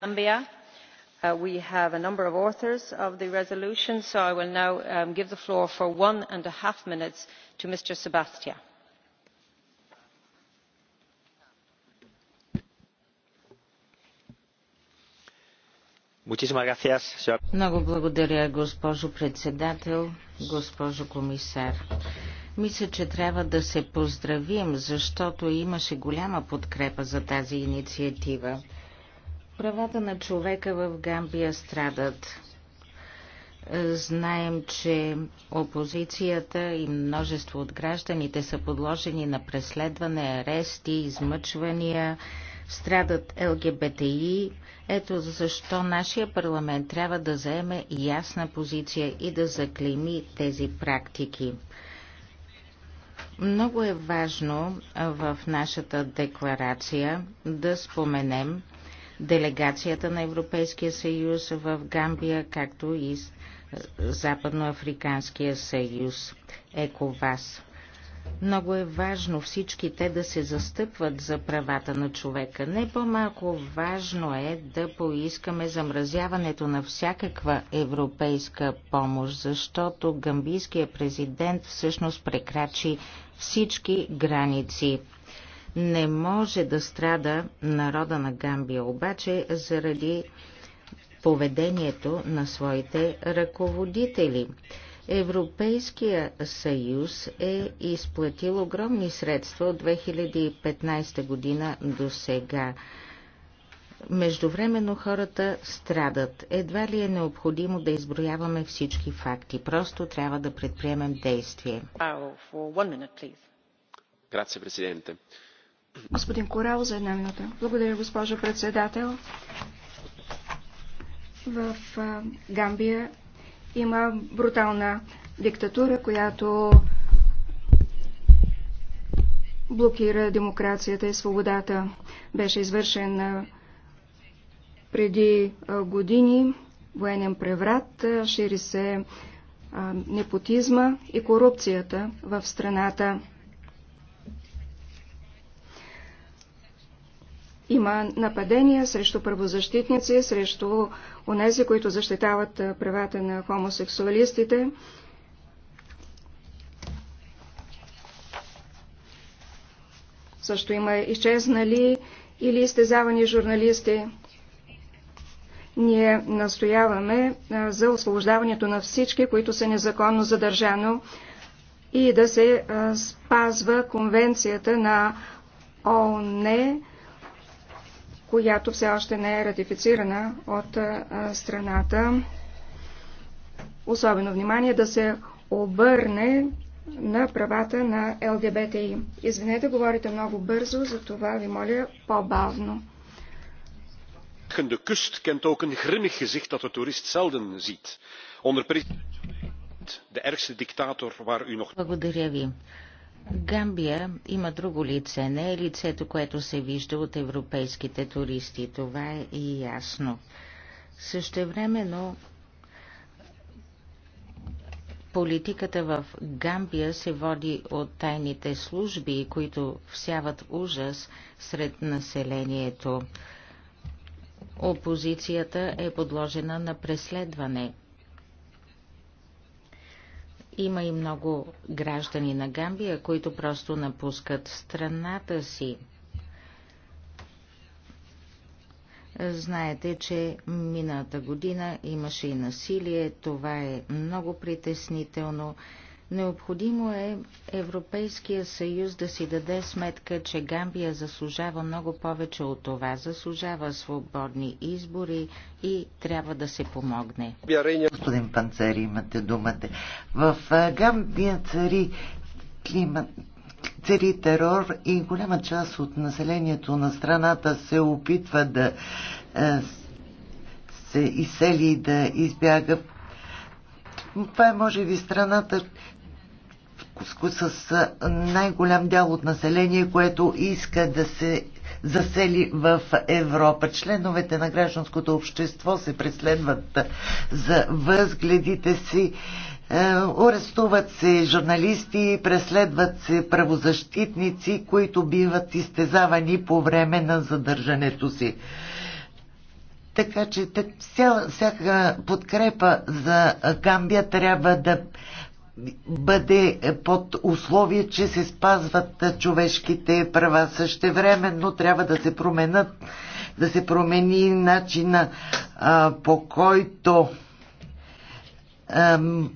zambia. Uh, we have a number of authors of the resolution so i will now um, give the floor for one and a half minutes to mr sebastia. Много благодаря, госпожо председател, госпожо комисар. Мисля, че трябва да се поздравим, защото имаше голяма подкрепа за тази инициатива. Правата на човека в Гамбия страдат. Знаем, че опозицията и множество от гражданите са подложени на преследване, арести, измъчвания, страдат ЛГБТИ. Ето защо нашия парламент трябва да заеме ясна позиция и да заклейми тези практики. Много е важно в нашата декларация да споменем, делегацията на Европейския съюз в Гамбия, както и е, Западноафриканския съюз ЕКОВАС. Много е важно всички те да се застъпват за правата на човека. Не по-малко важно е да поискаме замразяването на всякаква европейска помощ, защото гамбийският президент всъщност прекрачи всички граници. Не може да страда народа на Гамбия обаче заради поведението на своите ръководители. Европейския съюз е изплатил огромни средства от 2015 година до сега. Междувременно хората страдат. Едва ли е необходимо да изброяваме всички факти. Просто трябва да предприемем действие. Grazie, Presidente. Господин Корал за една минута. Благодаря, госпожо председател. В Гамбия има брутална диктатура, която блокира демокрацията и свободата. Беше извършен преди години военен преврат, шири се непотизма и корупцията в страната. Има нападения срещу правозащитници, срещу онези, които защитават правата на хомосексуалистите. Също има изчезнали или изтезавани журналисти. Ние настояваме за освобождаването на всички, които са незаконно задържано и да се спазва конвенцията на ООН която все още не е ратифицирана от страната. Особено внимание да се обърне на правата на ЛГБТИ. Извинете, говорите много бързо, за това ви моля по-бавно. De kust kent ook een grimmig gezicht dat de toerist zelden ziet. Onder de ergste dictator waar u nog... Благодаря ви. Гамбия има друго лице, не е лицето, което се вижда от европейските туристи. Това е и ясно. Същевременно политиката в Гамбия се води от тайните служби, които всяват ужас сред населението. Опозицията е подложена на преследване – има и много граждани на Гамбия, които просто напускат страната си. Знаете, че миналата година имаше и насилие. Това е много притеснително. Необходимо е Европейския съюз да си даде сметка, че Гамбия заслужава много повече от това, заслужава свободни избори и трябва да се помогне. Господин Панцери, имате думата. В Гамбия цари климат, цари терор и голяма част от населението на страната се опитва да се изсели и да избяга. Това е може би страната, с най-голям дял от население, което иска да се засели в Европа. Членовете на гражданското общество се преследват за възгледите си. Е, арестуват се журналисти, преследват се правозащитници, които биват изтезавани по време на задържането си. Така че всяка подкрепа за Гамбия трябва да бъде под условие, че се спазват човешките права. също но трябва да се променят, да се промени начина а, по който ам,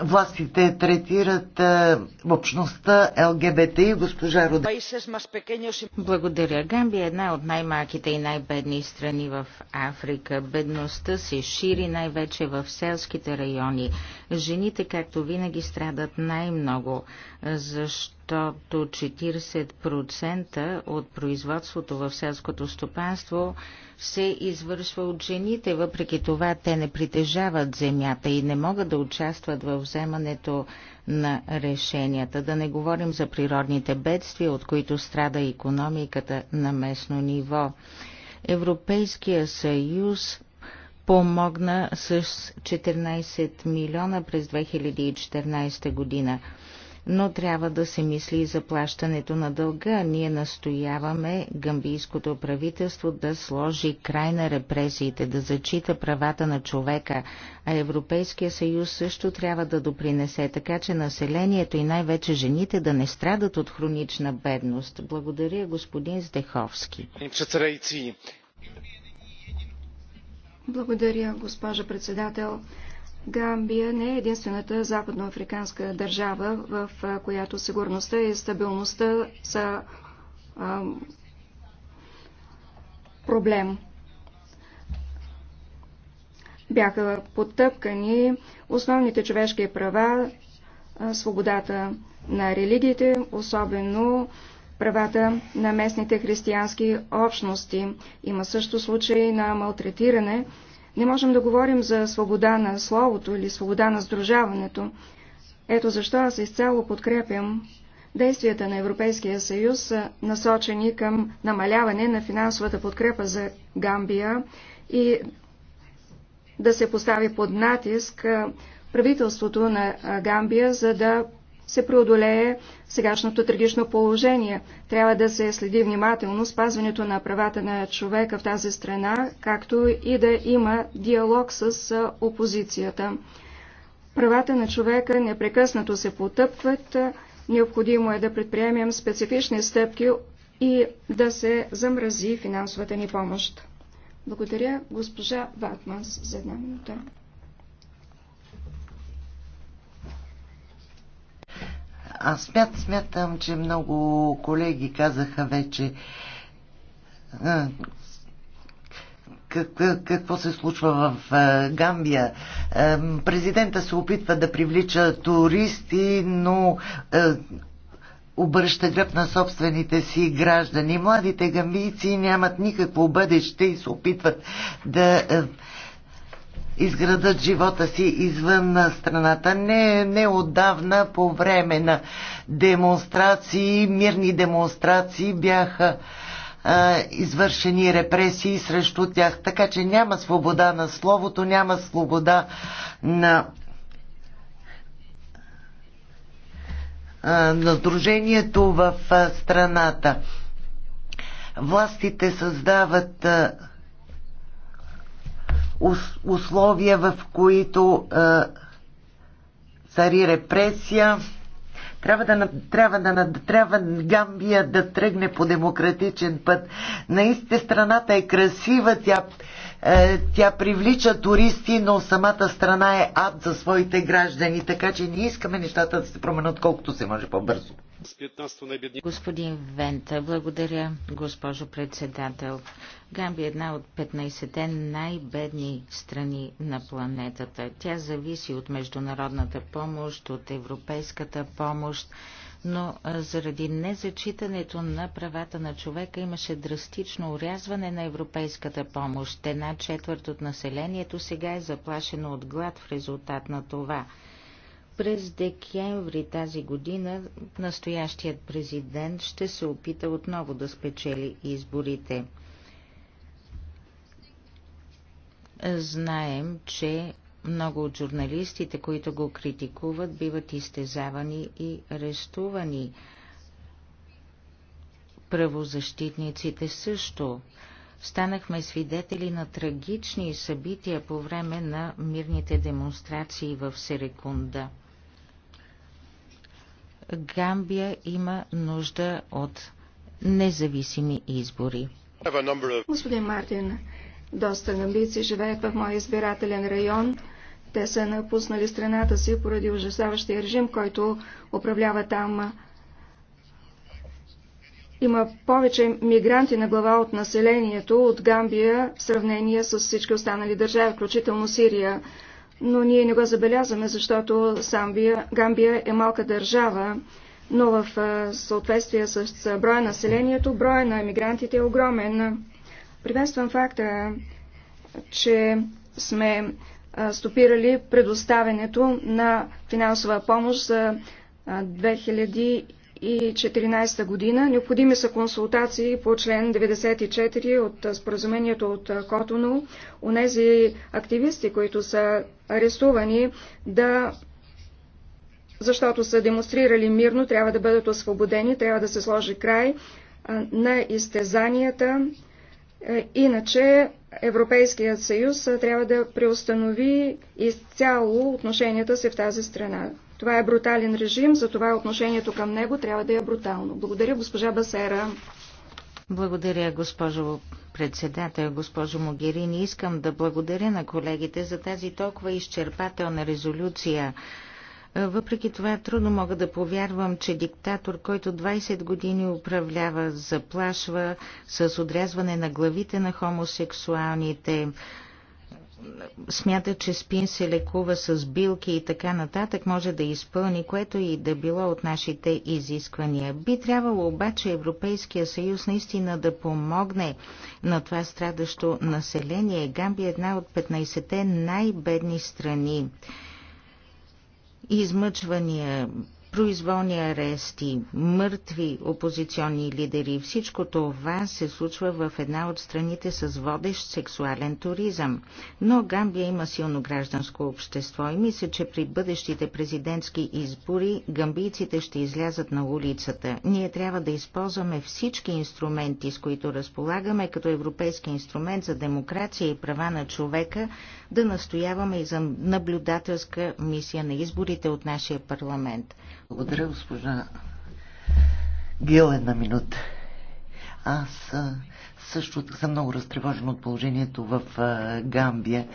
властите третират а, общността ЛГБТ и госпожа Рода. Благодаря. Гамбия е една от най-малките и най-бедни страни в Африка. Бедността се шири най-вече в селските райони. Жените, както винаги, страдат най-много, защото 40% от производството в селското стопанство се извършва от жените. Въпреки това, те не притежават земята и не могат да участват в вземането на решенията. Да не говорим за природните бедствия, от които страда економиката на местно ниво. Европейския съюз помогна с 14 милиона през 2014 година. Но трябва да се мисли и за плащането на дълга. Ние настояваме гамбийското правителство да сложи край на репресиите, да зачита правата на човека, а Европейския съюз също трябва да допринесе, така че населението и най-вече жените да не страдат от хронична бедност. Благодаря, господин Здеховски. Председайци, благодаря, госпожа председател. Гамбия не е единствената западноафриканска държава, в която сигурността и стабилността са ам, проблем. Бяха потъпкани основните човешки права, свободата на религиите, особено правата на местните християнски общности. Има също случаи на малтретиране. Не можем да говорим за свобода на словото или свобода на сдружаването. Ето защо аз изцяло подкрепям действията на Европейския съюз, насочени към намаляване на финансовата подкрепа за Гамбия и да се постави под натиск правителството на Гамбия, за да се преодолее сегашното трагично положение. Трябва да се следи внимателно спазването на правата на човека в тази страна, както и да има диалог с опозицията. Правата на човека непрекъснато се потъпват, необходимо е да предприемем специфични стъпки и да се замрази финансовата ни помощ. Благодаря госпожа Ватманс за една минута. Аз смят, смятам, че много колеги казаха вече какво се случва в Гамбия. Президента се опитва да привлича туристи, но обръща гръб на собствените си граждани. Младите гамбийци нямат никакво бъдеще и се опитват да изградат живота си извън страната. Не, не отдавна по време на демонстрации, мирни демонстрации бяха а, извършени репресии срещу тях. Така че няма свобода на словото, няма свобода на на дружението в страната. Властите създават условия, в които е, цари репресия. Трябва да, трябва да трябва Гамбия да тръгне по демократичен път. Наистина страната е красива, тя, е, тя привлича туристи, но самата страна е ад за своите граждани, така че ние искаме нещата да се променят колкото се може по-бързо. Господин Вента, благодаря, госпожо председател. Гамби е една от 15-те най-бедни страни на планетата. Тя зависи от международната помощ, от европейската помощ, но заради незачитането на правата на човека имаше драстично урязване на европейската помощ. Една четвърт от населението сега е заплашено от глад в резултат на това – през декември тази година настоящият президент ще се опита отново да спечели изборите. Знаем, че много от журналистите, които го критикуват, биват изтезавани и арестувани. Правозащитниците също. Станахме свидетели на трагични събития по време на мирните демонстрации в Серекунда – Гамбия има нужда от независими избори. Господин Мартин, доста гамбийци живеят в моя избирателен район. Те са напуснали страната си поради ужасаващия режим, който управлява там. Има повече мигранти на глава от населението от Гамбия в сравнение с всички останали държави, включително Сирия но ние не го забелязваме, защото Самбия, Гамбия е малка държава, но в съответствие с броя на населението, броя на емигрантите е огромен. Приветствам факта, че сме стопирали предоставянето на финансова помощ за 2014 година. Необходими са консултации по член 94 от споразумението от Котоно. Онези активисти, които са арестувани, да защото са демонстрирали мирно, трябва да бъдат освободени, трябва да се сложи край на изтезанията. Е, иначе Европейският съюз трябва да преустанови изцяло отношенията си в тази страна. Това е брутален режим, затова отношението към него трябва да е брутално. Благодаря, госпожа Басера. Благодаря, госпожо председател, госпожо Могерини. Искам да благодаря на колегите за тази толкова изчерпателна резолюция. Въпреки това трудно мога да повярвам, че диктатор, който 20 години управлява, заплашва с отрязване на главите на хомосексуалните, смята, че спин се лекува с билки и така нататък, може да изпълни което и да било от нашите изисквания. Би трябвало обаче Европейския съюз наистина да помогне на това страдащо население. Гамби е една от 15-те най-бедни страни. Измъчвания, произволни арести, мъртви опозиционни лидери. Всичко това се случва в една от страните с водещ сексуален туризъм. Но Гамбия има силно гражданско общество и мисля, че при бъдещите президентски избори гамбийците ще излязат на улицата. Ние трябва да използваме всички инструменти, с които разполагаме, като Европейски инструмент за демокрация и права на човека, да настояваме и за наблюдателска мисия на изборите от нашия парламент. Благодаря, госпожа Гил, една минута. Аз също съм много разтревожен от положението в Гамбия.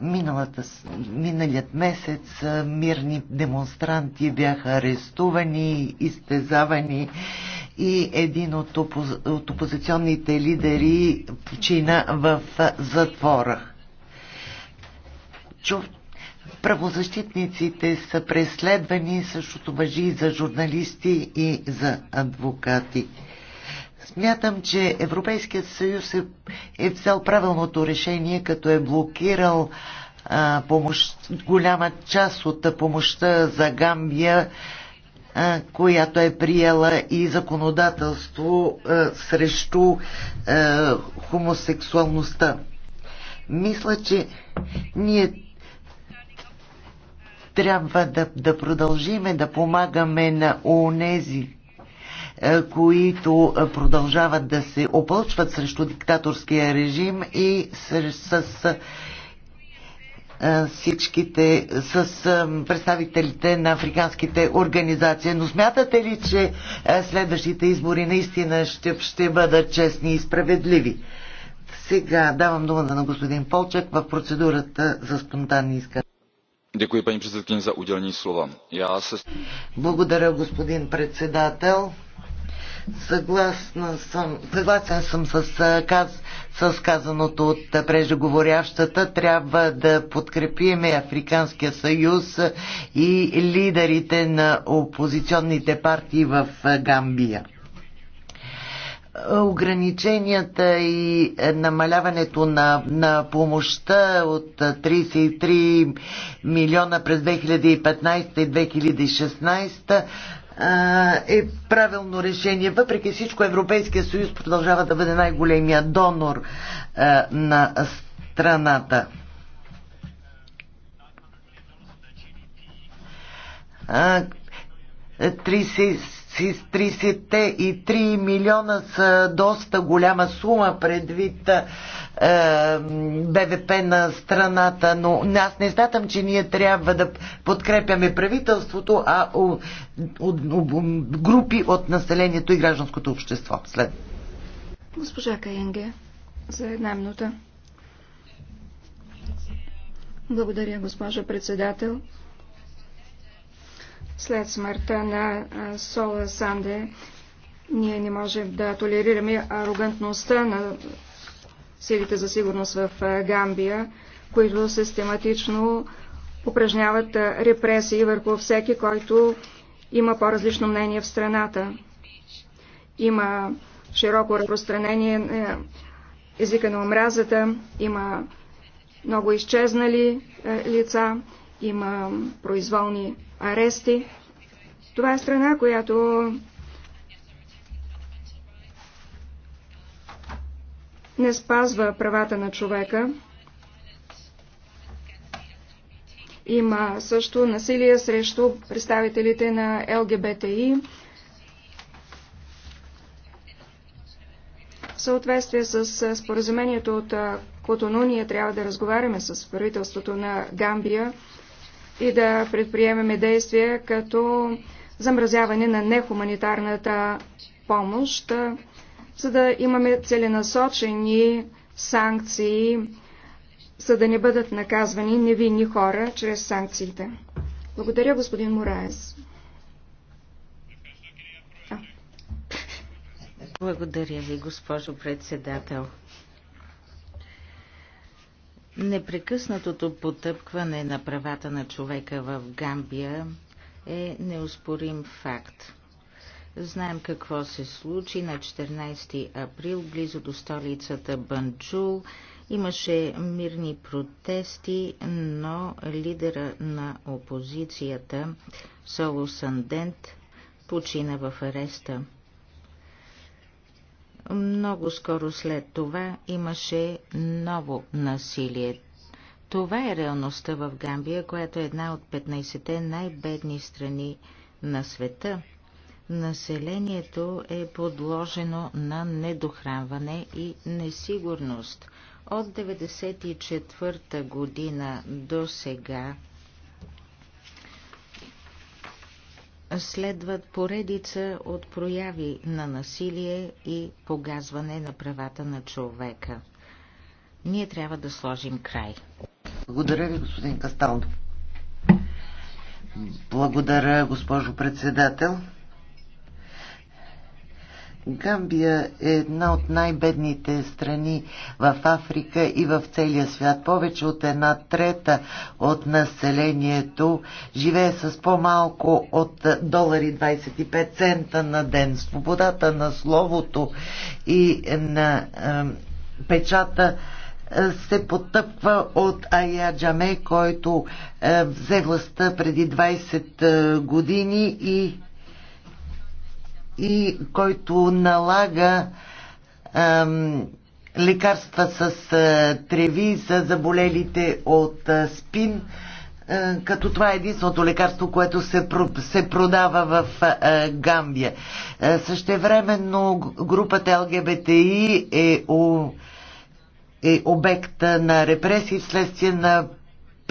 Миналата, миналият месец мирни демонстранти бяха арестувани, изтезавани и един от, опоз... от опозиционните лидери почина в затвора. Чув Правозащитниците са преследвани, същото въжи и за журналисти и за адвокати. Смятам, че Европейският съюз е, е взел правилното решение, като е блокирал а, помощ, голяма част от помощта за Гамбия, а, която е приела и законодателство а, срещу а, хомосексуалността. Мисля, че ние трябва да, да продължиме да помагаме на онези, е, които е, продължават да се опълчват срещу диктаторския режим и с, с, с е, всичките, с представителите на африканските организации. Но смятате ли, че следващите избори наистина ще, ще бъдат честни и справедливи? Сега давам думата на господин Полчак в процедурата за спонтанни изказвания paní předsedající já se. Благодаря, господин председател. Съгласна съм, съгласен съм с, каз, с казаното от преждеговорящата. Трябва да подкрепиме Африканския съюз и лидерите на опозиционните партии в Гамбия ограниченията и намаляването на, на помощта от 33 милиона през 2015 и 2016 е правилно решение. Въпреки всичко Европейския съюз продължава да бъде най-големия донор на страната. А, с и 3 милиона са доста голяма сума предвид е, БВП на страната, но аз не смятам, че ние трябва да подкрепяме правителството, а у, у, у, групи от населението и гражданското общество. След. Госпожа Каенге, за една минута. Благодаря, госпожа председател. След смъртта на Сола Санде ние не можем да толерираме арогантността на силите за сигурност в Гамбия, които систематично упражняват репресии върху всеки, който има по-различно мнение в страната. Има широко разпространение на е, езика на омразата, има много изчезнали е, лица има произволни арести. Това е страна, която не спазва правата на човека. Има също насилие срещу представителите на ЛГБТИ. В съответствие с споразумението от Котону ние трябва да разговаряме с правителството на Гамбия и да предприемеме действия като замразяване на нехуманитарната помощ, за да имаме целенасочени санкции, за да не бъдат наказвани невинни хора чрез санкциите. Благодаря, господин Мораес. Благодаря ви, госпожо председател. Непрекъснатото потъпкване на правата на човека в Гамбия е неоспорим факт. Знаем какво се случи на 14 април близо до столицата Банджул. Имаше мирни протести, но лидера на опозицията Соло Сандент почина в ареста. Много скоро след това имаше ново насилие. Това е реалността в Гамбия, която е една от 15-те най-бедни страни на света. Населението е подложено на недохранване и несигурност. От 1994 година до сега следват поредица от прояви на насилие и погазване на правата на човека. Ние трябва да сложим край. Благодаря ви, господин Касталдов. Благодаря, госпожо председател. Гамбия е една от най-бедните страни в Африка и в целия свят. Повече от една трета от населението живее с по-малко от долари 25 цента на ден. Свободата на словото и на е, печата се потъпва от Ая Джаме, който е, взе властта преди 20 е, години и и който налага ам, лекарства с а, треви за заболелите от а, спин, а, като това е единственото лекарство, което се, се продава в а, Гамбия. А, същевременно групата ЛГБТИ е, о, е обект на репресии вследствие на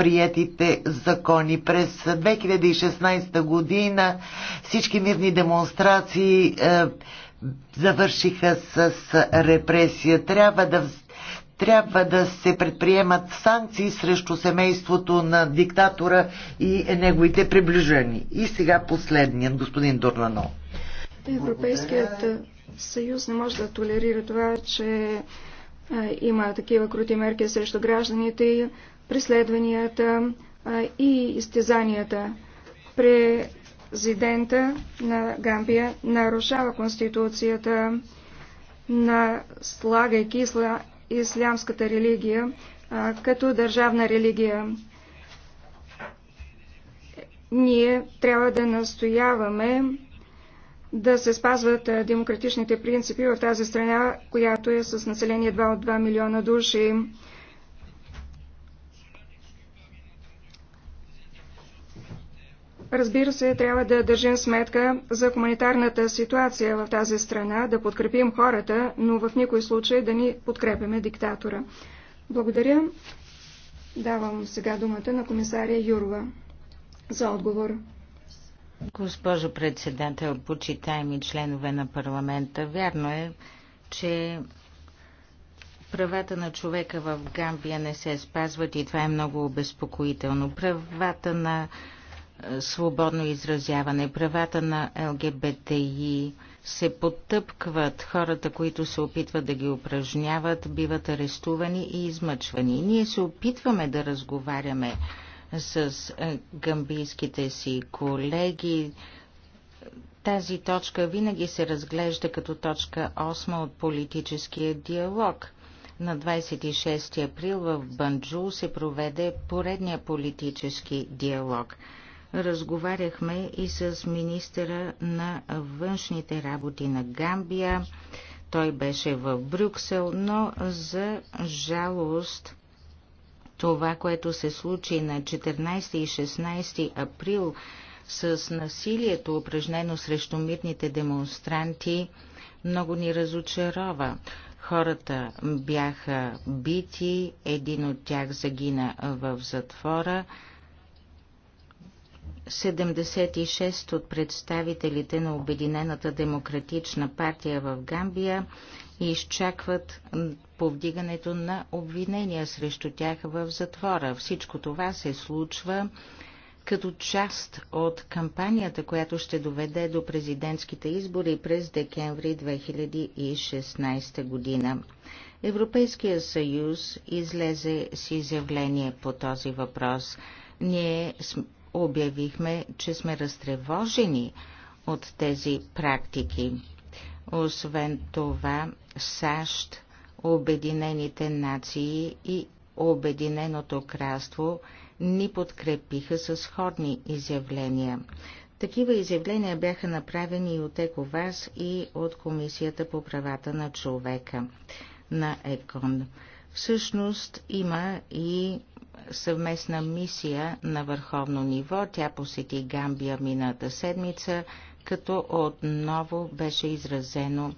приятите закони. През 2016 година всички мирни демонстрации е, завършиха с, с репресия. Трябва да трябва да се предприемат санкции срещу семейството на диктатора и неговите приближени. И сега последният, господин Дурнано. Европейският съюз не може да толерира това, че е, има такива крути мерки срещу гражданите и преследванията и изтезанията. Президента на Гамбия нарушава конституцията, наслагайки исла... ислямската религия като държавна религия. Ние трябва да настояваме да се спазват демократичните принципи в тази страна, която е с население 2 от 2 милиона души. Разбира се, трябва да държим сметка за хуманитарната ситуация в тази страна, да подкрепим хората, но в никой случай да ни подкрепяме диктатора. Благодаря. Давам сега думата на комисаря Юрова за отговор. Госпожо председател, почитаеми членове на парламента, вярно е, че правата на човека в Гамбия не се спазват и това е много обезпокоително. Правата на свободно изразяване, правата на ЛГБТИ се потъпкват, хората, които се опитват да ги упражняват, биват арестувани и измъчвани. Ние се опитваме да разговаряме с е, гамбийските си колеги. Тази точка винаги се разглежда като точка 8 от политическия диалог. На 26 април в Банджул се проведе поредния политически диалог – Разговаряхме и с министъра на външните работи на Гамбия. Той беше в Брюксел, но за жалост това, което се случи на 14 и 16 април с насилието, упражнено срещу мирните демонстранти, много ни разочарова. Хората бяха бити, един от тях загина в затвора, 76 от представителите на Обединената демократична партия в Гамбия изчакват повдигането на обвинения срещу тях в затвора. Всичко това се случва като част от кампанията, която ще доведе до президентските избори през декември 2016 година. Европейския съюз излезе с изявление по този въпрос. Ние обявихме, че сме разтревожени от тези практики. Освен това, САЩ, Обединените нации и Обединеното кралство ни подкрепиха с сходни изявления. Такива изявления бяха направени и от ЕКОВАС и от Комисията по правата на човека на ЕКОН. Всъщност има и съвместна мисия на върховно ниво. Тя посети Гамбия мината седмица, като отново беше изразено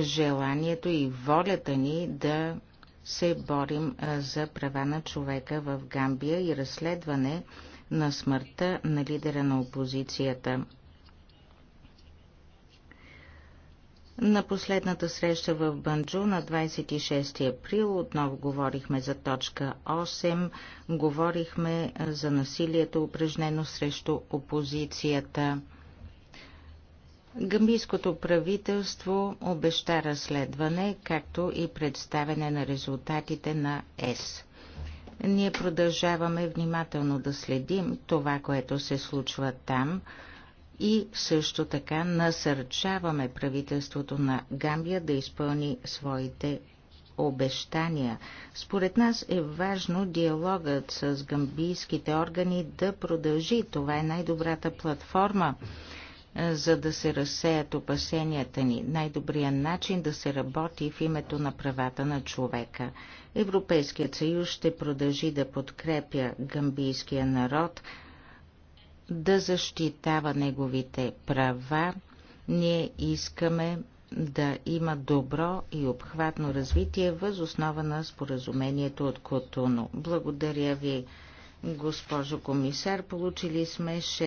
желанието и волята ни да се борим за права на човека в Гамбия и разследване на смъртта на лидера на опозицията. На последната среща в Банджу на 26 април отново говорихме за точка 8, говорихме за насилието упражнено срещу опозицията. Гамбийското правителство обеща разследване, както и представяне на резултатите на ЕС. Ние продължаваме внимателно да следим това, което се случва там, и също така насърчаваме правителството на Гамбия да изпълни своите обещания. Според нас е важно диалогът с гамбийските органи да продължи. Това е най-добрата платформа, за да се разсеят опасенията ни. Най-добрият начин да се работи в името на правата на човека. Европейският съюз ще продължи да подкрепя гамбийския народ – да защитава неговите права. Ние искаме да има добро и обхватно развитие въз основа на споразумението от Котуно. Благодаря ви, госпожо комисар. Получили сме